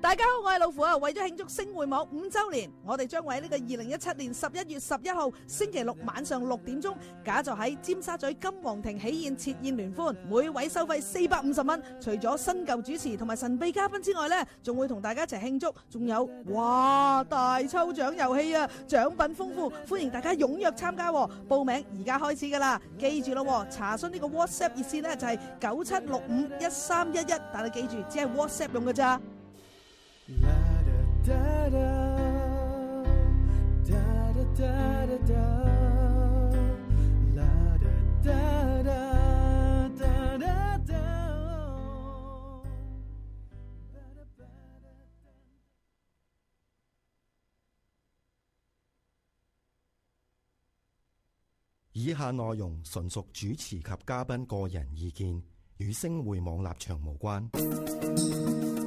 大家好，我係老虎啊！為咗慶祝星匯網五周年，我哋將會喺呢個二零一七年十一月十一號星期六晚上六點鐘，假就喺尖沙咀金皇庭喜宴設宴聯歡。每位收費四百五十蚊。除咗新舊主持同埋神秘嘉賓之外咧，仲會同大家一齊慶祝。仲有哇大抽獎遊戲啊，獎品豐富，歡迎大家踴躍參加。報名而家開始噶啦，記住咯，查詢呢個 WhatsApp 熱線咧就係九七六五一三一一，但係記住只係 WhatsApp 用噶咋。以下內容純屬主持及嘉賓個人意見，與星匯網立場無關。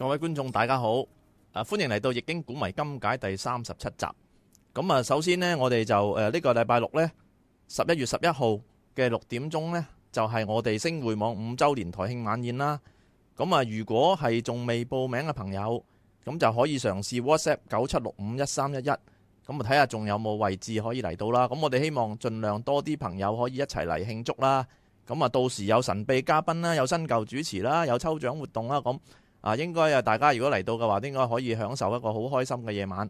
各位觀眾，大家好！啊，歡迎嚟到《易經古謎今解》第三十七集。咁啊，首先呢，我哋就誒呢個禮拜六呢，十一月十一號嘅六點鐘呢，就係我哋星匯網五周年台慶晚宴啦。咁啊，如果係仲未報名嘅朋友，咁就可以嘗試 WhatsApp 九七六五一三一一，咁啊，睇下仲有冇位置可以嚟到啦。咁我哋希望盡量多啲朋友可以一齊嚟慶祝啦。咁啊，到時有神秘嘉賓啦，有新舊主持啦，有抽獎活動啦，咁。啊，應該啊，大家如果嚟到嘅話，應該可以享受一個好開心嘅夜晚。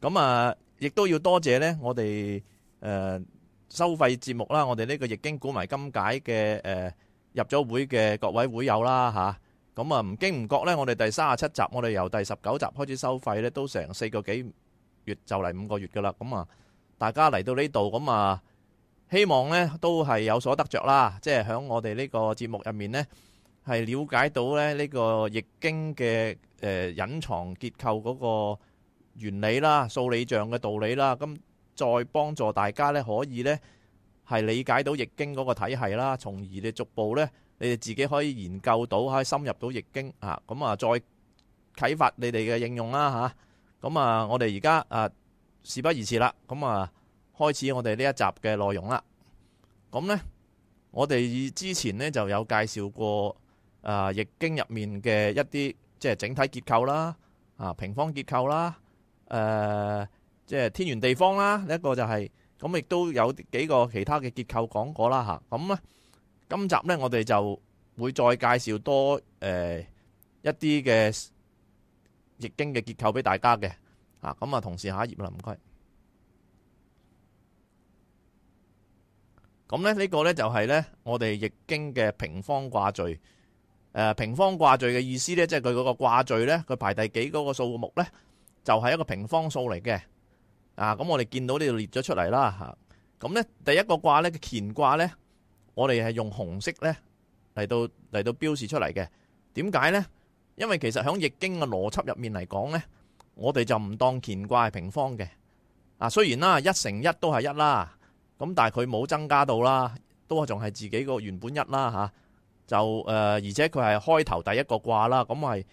咁啊，亦都要多謝咧，我哋誒收費節目啦，我哋呢個《易經古謎今解》嘅誒入咗會嘅各位會友啦，嚇。咁啊，唔經唔覺咧，我哋第三十七集，我哋由第十九集開始收費咧，都成四個幾月就嚟五個月噶啦。咁啊，大家嚟到呢度，咁啊，希望咧都係有所得著啦。即係喺我哋呢個節目入面咧。係了解到咧呢個易經嘅誒隱藏結構嗰個原理啦、數理象嘅道理啦，咁再幫助大家咧，可以咧係理解到易經嗰個體系啦，從而你逐步咧，你哋自己可以研究到，可以深入到易經啊。咁啊，再啟發你哋嘅應用啦嚇。咁啊，我哋而家啊事不宜遲啦，咁啊開始我哋呢一集嘅內容啦。咁咧，我哋之前咧就有介紹過。啊！易經入面嘅一啲即係整體結構啦，啊平方結構啦，誒、啊、即係天圓地方啦，另、這、一個就係、是、咁，亦都有幾個其他嘅結構講過啦吓。咁、啊、咧，今集咧我哋就會再介紹多誒、呃、一啲嘅易經嘅結構俾大家嘅。啊，咁啊，同時下一頁啊，唔該。咁咧呢、這個咧就係咧我哋易經嘅平方卦序。誒，平方卦序嘅意思咧，即係佢嗰個卦序咧，佢排第幾嗰個數目咧，就係一個平方數嚟嘅。啊，咁我哋見到呢度列咗出嚟啦。吓、啊，咁咧第一個卦咧，嘅乾卦咧，我哋係用紅色咧嚟到嚟到標示出嚟嘅。點解咧？因為其實響易經嘅邏輯入面嚟講咧，我哋就唔當乾卦係平方嘅。啊，雖然啦，一乘一都係一啦，咁但係佢冇增加到啦，都仲係自己個原本一啦。吓、啊。.就誒、呃，而且佢係開頭第一個卦啦，咁係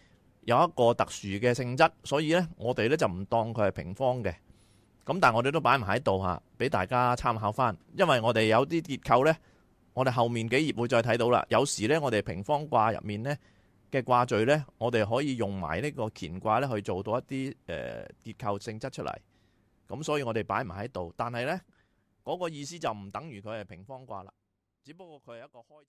有一個特殊嘅性質，所以呢我哋呢就唔當佢係平方嘅。咁但係我哋都擺埋喺度吓，俾大家參考返。因為我哋有啲結構呢，我哋後面幾頁會再睇到啦。有時呢，我哋平方卦入面呢嘅卦序呢，我哋可以用埋呢個乾卦呢去做到一啲誒、呃、結構性質出嚟。咁所以我哋擺埋喺度，但係呢嗰、那個意思就唔等於佢係平方卦啦。只不過佢係一個開